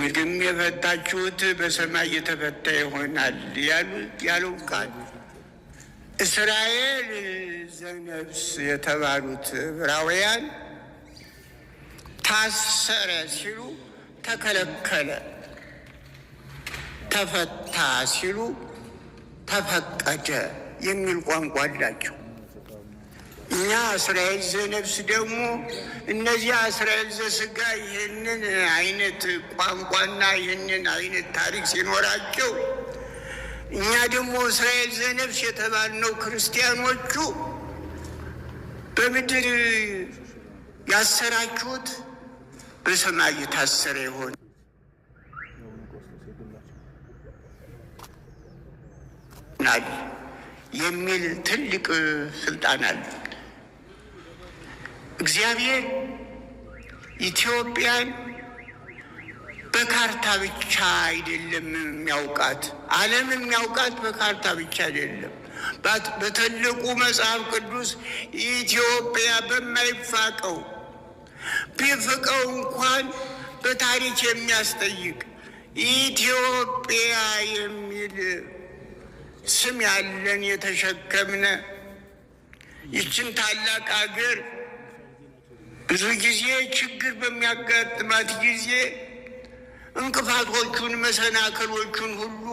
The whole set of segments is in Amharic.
ምግም የፈታችሁት በሰማይ የተፈታ ይሆናል ያለው ቃል እስራኤል ዘነብስ የተባሉት ዕብራውያን ታሰረ ሲሉ ተከለከለ፣ ተፈታ ሲሉ ተፈቀደ የሚል ቋንቋ አላቸው። እኛ እስራኤል ዘነብስ ደግሞ እነዚያ እስራኤል ዘስጋ ይህንን አይነት ቋንቋና ይህንን አይነት ታሪክ ሲኖራቸው እኛ ደግሞ እስራኤል የተባል የተባልነው ክርስቲያኖቹ በምድር ያሰራችሁት በሰማይ የታሰረ ይሆን። የሚል ትልቅ ስልጣን አለ። እግዚአብሔር ኢትዮጵያን በካርታ ብቻ አይደለም የሚያውቃት፣ ዓለም የሚያውቃት በካርታ ብቻ አይደለም። በትልቁ መጽሐፍ ቅዱስ ኢትዮጵያ በማይፋቀው ቢፍቀው እንኳን በታሪክ የሚያስጠይቅ ኢትዮጵያ የሚል ስም ያለን የተሸከምነ ይችን ታላቅ አገር ብዙ ጊዜ ችግር በሚያጋጥማት ጊዜ እንቅፋቶቹን መሰናከሎቹን ሁሉ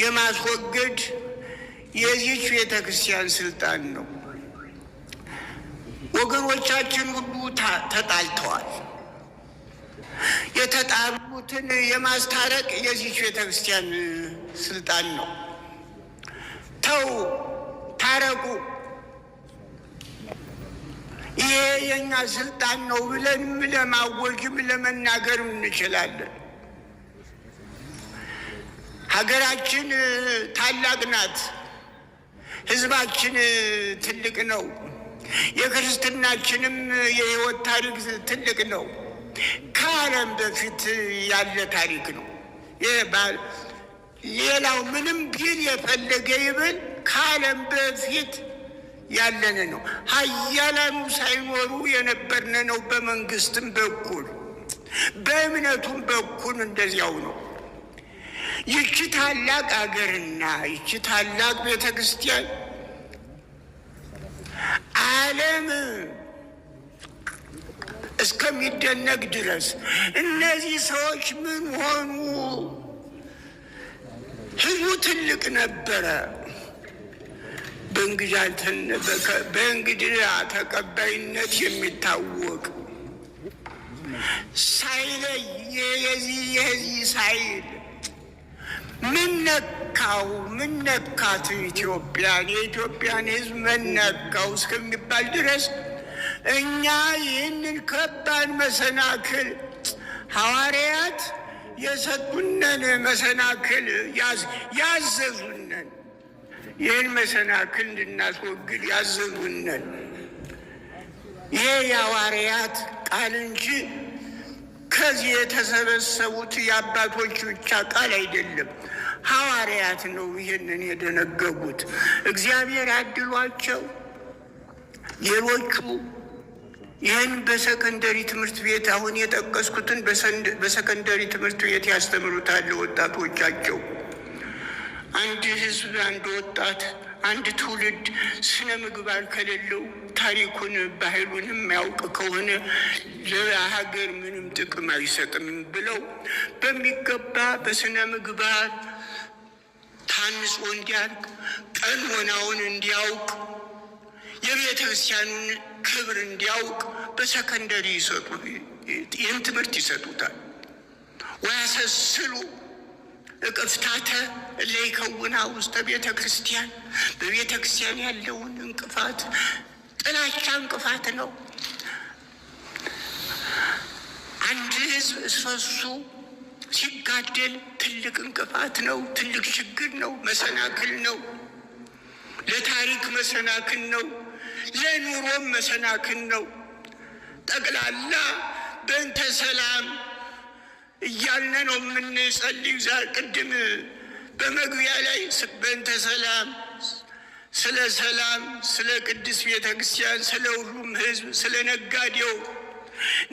የማስወገድ የዚች ቤተ ክርስቲያን ስልጣን ነው። ወገኖቻችን ሁሉ ተጣልተዋል። የተጣሉትን የማስታረቅ የዚች ቤተ ክርስቲያን ስልጣን ነው። ተው ታረቁ የእኛ ስልጣን ነው ብለንም ለማወጅም ለመናገር እንችላለን። ሀገራችን ታላቅ ናት። ህዝባችን ትልቅ ነው። የክርስትናችንም የህይወት ታሪክ ትልቅ ነው። ከዓለም በፊት ያለ ታሪክ ነው። ሌላው ምንም ቢል የፈለገ ይበል ከዓለም በፊት ያለን ነው። ኃያላኑ ሳይኖሩ የነበርን ነው። በመንግስትም በኩል በእምነቱም በኩል እንደዚያው ነው። ይቺ ታላቅ አገርና ይቺ ታላቅ ቤተ ክርስቲያን ዓለም እስከሚደነቅ ድረስ እነዚህ ሰዎች ምን ሆኑ? ህዝቡ ትልቅ ነበረ። በእንግዳ ተቀባይነት የሚታወቅ ሳይለይ የዚህ የዚህ ሳይል ምነካው ምነካት ኢትዮጵያን የኢትዮጵያን ሕዝብ መነካው እስከሚባል ድረስ እኛ ይህንን ከባድ መሰናክል ሐዋርያት የሰጡነን መሰናክል ያዘዙነን ይህን መሰናክል እንድናስወግድ ያዘዙነን። ይህ የሐዋርያት ቃል እንጂ ከዚህ የተሰበሰቡት የአባቶች ብቻ ቃል አይደለም። ሐዋርያት ነው ይህንን የደነገጉት። እግዚአብሔር አድሏቸው ሌሎቹ ይህን በሰከንደሪ ትምህርት ቤት አሁን የጠቀስኩትን በሰከንደሪ ትምህርት ቤት ያስተምሩታል ወጣቶቻቸው። አንድ ህዝብ፣ አንድ ወጣት፣ አንድ ትውልድ ስነ ምግባር ከሌለው ታሪኩን ባህሉን የማያውቅ ከሆነ ለሀገር ምንም ጥቅም አይሰጥም ብለው በሚገባ በስነ ምግባር ታንጾ እንዲያድግ ቀኖናውን እንዲያውቅ የቤተ ክርስቲያኑን ክብር እንዲያውቅ በሰከንደሪ ይሰጡ ይህን ትምህርት ይሰጡታል ወያሰስሉ እቅፍታተ ለይከውና ውስተ ቤተ ክርስቲያን በቤተ ክርስቲያን ያለውን እንቅፋት ጥላቻ እንቅፋት ነው። አንድ ህዝብ እስፈሱ ሲጋደል ትልቅ እንቅፋት ነው። ትልቅ ችግር ነው። መሰናክል ነው። ለታሪክ መሰናክል ነው። ለኑሮም መሰናክል ነው። ጠቅላላ በእንተ ሰላም እያልነ ነው የምንጸልይ። ቅድም በመግቢያ ላይ ስበንተ ሰላም ስለ ሰላም፣ ስለ ቅድስት ቤተ ክርስቲያን፣ ስለ ሁሉም ሕዝብ፣ ስለ ነጋዴው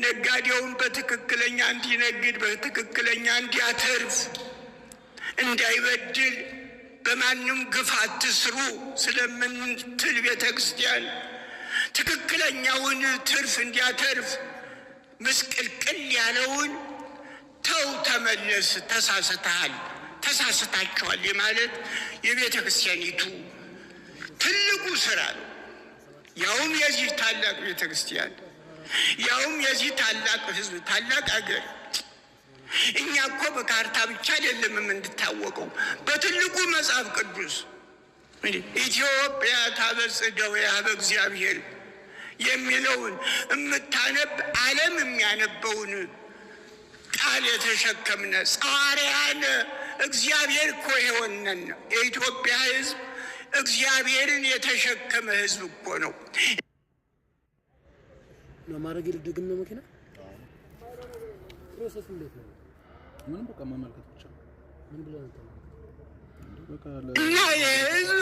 ነጋዴውን በትክክለኛ እንዲነግድ በትክክለኛ እንዲያተርፍ እንዳይበድል በማንም ግፍ አትስሩ ስለምንትል ቤተ ክርስቲያን ትክክለኛውን ትርፍ እንዲያተርፍ ምስቅልቅል ያለውን ተው ተመለስ፣ ተሳስተሃል፣ ተሳስታችኋል ማለት የቤተ ክርስቲያኒቱ ትልቁ ስራ ነው። ያውም የዚህ ታላቅ ቤተ ክርስቲያን ያውም የዚህ ታላቅ ህዝብ ታላቅ አገር እኛ እኮ በካርታ ብቻ አይደለም የምንታወቀው። በትልቁ መጽሐፍ ቅዱስ ኢትዮጵያ ታበጽሕደው ያበ እግዚአብሔር የሚለውን የምታነብ ዓለም የሚያነበውን መስቀል የተሸከምነ ጻሪያን እግዚአብሔር እኮ የሆነን የኢትዮጵያ ሕዝብ እግዚአብሔርን የተሸከመ ሕዝብ እኮ ነው። ማድረግ የልደግም ነው። መኪና ፕሮሰስ እንዴት ነው? ምንም በቃ መመልከት ብቻ ምን ብለ እና የህዝብ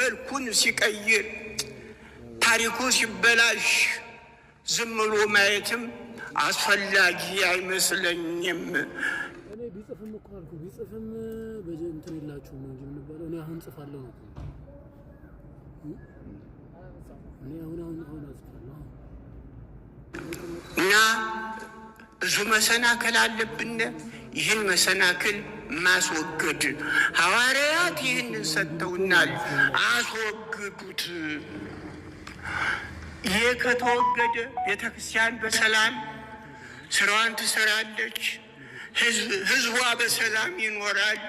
መልኩን ሲቀይር ታሪኩ ሲበላሽ ዝም ብሎ ማየትም አስፈላጊ አይመስለኝም። እኔ ቢጽፍም እኮ አልኩ ቢጽፍም የላችሁም ነው እንጂ የምንባለው። እኔ አሁን ጽፋለሁ ነው እኔ አሁን አሁን አሁን አጽፋለሁ እና ብዙ መሰናክል አለብን። ይህን መሰናክል ማስወገድ ሐዋርያት ይህንን ሰጥተውናል። አስወግዱት። ይህ ከተወገደ ቤተ ክርስቲያን በሰላም ስራዋን ትሰራለች። ህዝቧ በሰላም ይኖራል።